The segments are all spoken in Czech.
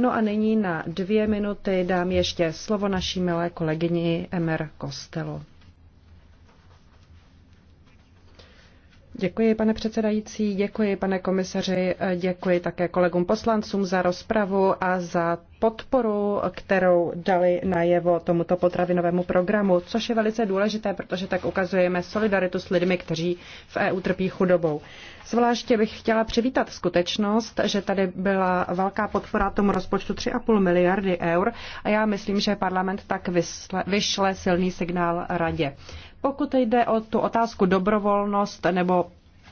No a nyní na dvě minuty dám ještě slovo naší milé kolegyni Emer Kostelo. Děkuji, pane předsedající, děkuji, pane komisaři, děkuji také kolegům poslancům za rozpravu a za podporu, kterou dali najevo tomuto potravinovému programu, což je velice důležité, protože tak ukazujeme solidaritu s lidmi, kteří v EU trpí chudobou. Zvláště bych chtěla přivítat skutečnost, že tady byla velká podpora tomu rozpočtu 3,5 miliardy eur a já myslím, že parlament tak vyšle silný signál radě. Pokud jde o tu otázku dobrovolnost nebo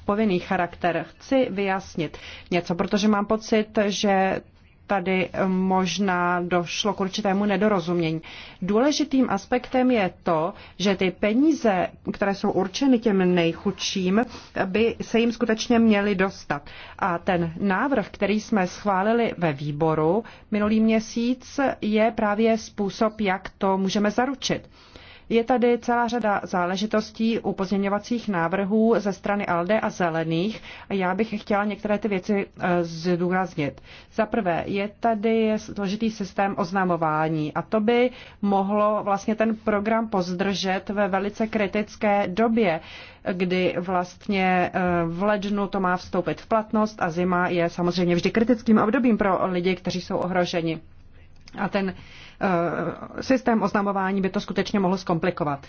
povinný charakter, chci vyjasnit něco, protože mám pocit, že tady možná došlo k určitému nedorozumění. Důležitým aspektem je to, že ty peníze, které jsou určeny těm nejchudším, by se jim skutečně měly dostat. A ten návrh, který jsme schválili ve výboru minulý měsíc, je právě způsob, jak to můžeme zaručit. Je tady celá řada záležitostí u pozměňovacích návrhů ze strany ALDE a Zelených a já bych chtěla některé ty věci e, zdůraznit. Za prvé, je tady složitý systém oznamování a to by mohlo vlastně ten program pozdržet ve velice kritické době, kdy vlastně e, v lednu to má vstoupit v platnost a zima je samozřejmě vždy kritickým obdobím pro lidi, kteří jsou ohroženi. A ten eh, systém oznamování by to skutečně mohl zkomplikovat.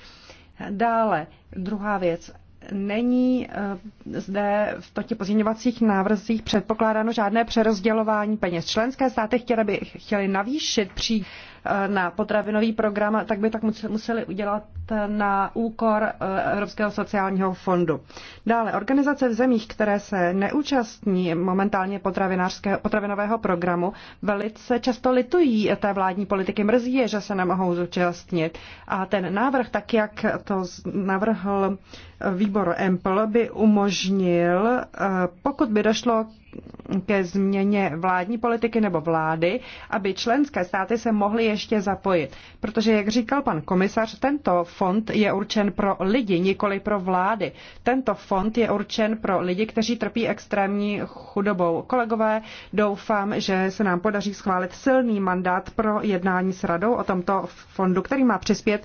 Dále, druhá věc. Není eh, zde v těch pozměňovacích návrzích předpokládáno žádné přerozdělování peněz. Členské státy chtěly, by, chtěly navýšit pří Eh, na potravinový program, tak by tak museli udělat eh, na úkor eh, Evropského sociálního fondu. Dále, organizace v zemích, které se neúčastní momentálně potravinového programu, velice často litují té vládní politiky, mrzí je, že se nemohou zúčastnit. A ten návrh, tak jak to navrhl výbor EMPL, by umožnil, pokud by došlo ke změně vládní politiky nebo vlády, aby členské státy se mohly ještě zapojit. Protože, jak říkal pan komisař, tento fond je určen pro lidi, nikoli pro vlády. Tento fond je určen pro lidi, kteří trpí extrémní chudobou. Kolegové, doufám, že se nám podaří schválit silný mandát pro jednání s radou o tomto fondu, který má přispět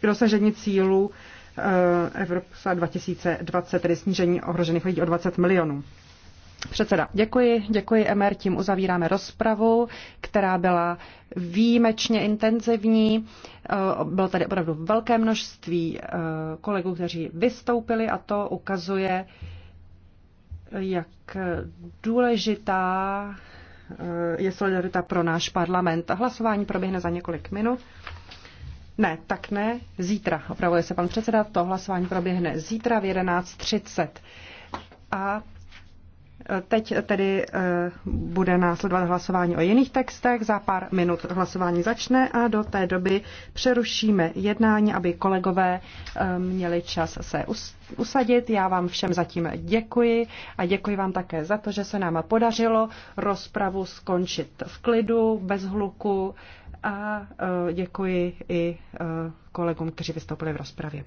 k dosažení cílů eh, Evropa 2020, tedy snížení ohrožených lidí o 20 milionů. Předseda, děkuji, děkuji Emer, tím uzavíráme rozpravu, která byla výjimečně intenzivní. Eh, bylo tady opravdu velké množství eh, kolegů, kteří vystoupili a to ukazuje, jak důležitá eh, je solidarita pro náš parlament. Hlasování proběhne za několik minut. Ne, tak ne. Zítra, opravuje se pan předseda, to hlasování proběhne zítra v 11.30. A Teď tedy eh, bude následovat hlasování o jiných textech. Za pár minut hlasování začne a do té doby přerušíme jednání, aby kolegové eh, měli čas se usadit. Já vám všem zatím děkuji a děkuji vám také za to, že se nám podařilo rozpravu skončit v klidu, bez hluku a eh, děkuji i kolegům, kteří vystoupili v rozpravě.